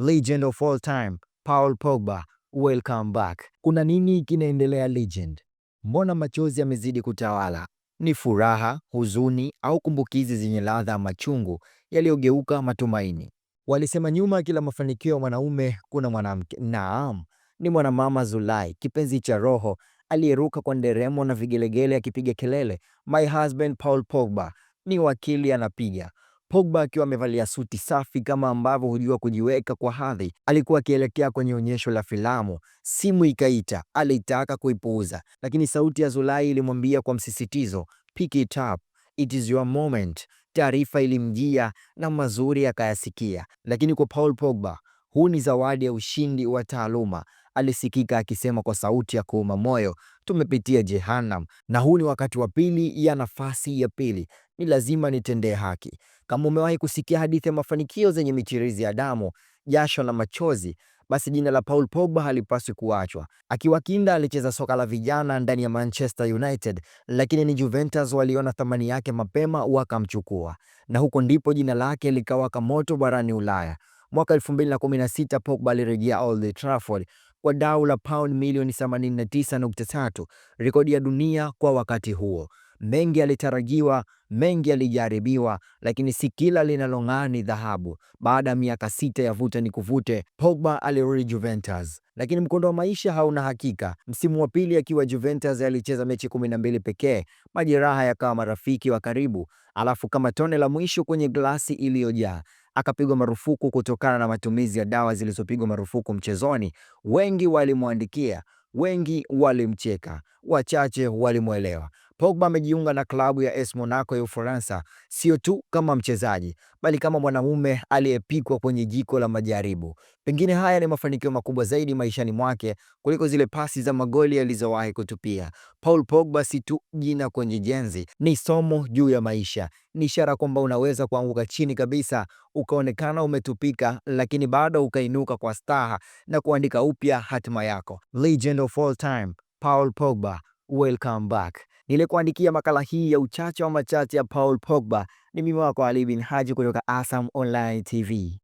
legend of all time Paul Pogba, welcome back. Kuna nini kinaendelea legend? Mbona machozi yamezidi kutawala? Ni furaha, huzuni au kumbukizi zenye ladha ya machungu yaliyogeuka matumaini? Walisema nyuma kila mafanikio ya mwanaume kuna mwanamke. Naam, ni mwanamama Zulai, kipenzi cha roho aliyeruka kwa nderemo na vigelegele akipiga kelele, my husband Paul Pogba ni wakili anapiga Pogba akiwa amevalia suti safi kama ambavyo hujua kujiweka kwa hadhi, alikuwa akielekea kwenye onyesho la filamu. Simu ikaita, alitaka kuipuuza, lakini sauti ya Zulai ilimwambia kwa msisitizo, pick it up, it is your moment. Taarifa ilimjia na mazuri akayasikia, lakini kwa Paul Pogba huu ni zawadi ya ushindi wa taaluma alisikika akisema kwa sauti ya kuuma moyo, tumepitia Jehanamu na huu ni wakati wa pili ya nafasi ya pili, ni lazima nitendee haki. Kama umewahi kusikia hadithi ya mafanikio zenye michirizi ya damu, jasho na machozi basi jina la Paul Pogba halipaswi kuachwa. Akiwa kinda alicheza soka la vijana ndani ya Manchester United, lakini ni Juventus waliona thamani yake mapema wakamchukua, na huko ndipo jina lake likawaka moto barani Ulaya. Mwaka 2016 Pogba alirejea Old Trafford kwa dau la pound milioni 89.3, rekodi ya dunia kwa wakati huo. Mengi alitarajiwa mengi alijaribiwa lakini si kila linalong'aa ni dhahabu. Baada ya miaka sita ya vuta ni kuvute, Pogba alirudi Juventus, lakini mkondo wa maisha hauna hakika. Msimu wa pili akiwa Juventus alicheza mechi 12 pekee, majeraha yakawa marafiki wa karibu, alafu kama tone la mwisho kwenye glasi iliyojaa akapigwa marufuku kutokana na matumizi ya dawa zilizopigwa marufuku mchezoni, wengi walimwandikia, wengi walimcheka, wachache walimwelewa. Pogba amejiunga na klabu ya AS Monaco ya Ufaransa sio tu kama mchezaji, bali kama mwanamume aliyepikwa kwenye jiko la majaribu. Pengine haya ni mafanikio makubwa zaidi maishani mwake kuliko zile pasi za magoli alizowahi kutupia. Paul Pogba si tu jina kwenye jenzi, ni somo juu ya maisha. Ni ishara kwamba unaweza kuanguka chini kabisa, ukaonekana umetupika, lakini bado ukainuka kwa staha na kuandika upya hatima yako. Legend of all time, Paul Pogba, welcome back. Nilikuandikia makala hii ya uchache wa machache ya Paul Pogba. Ni mimi wako Ali bin Haji kutoka ASAM Online TV.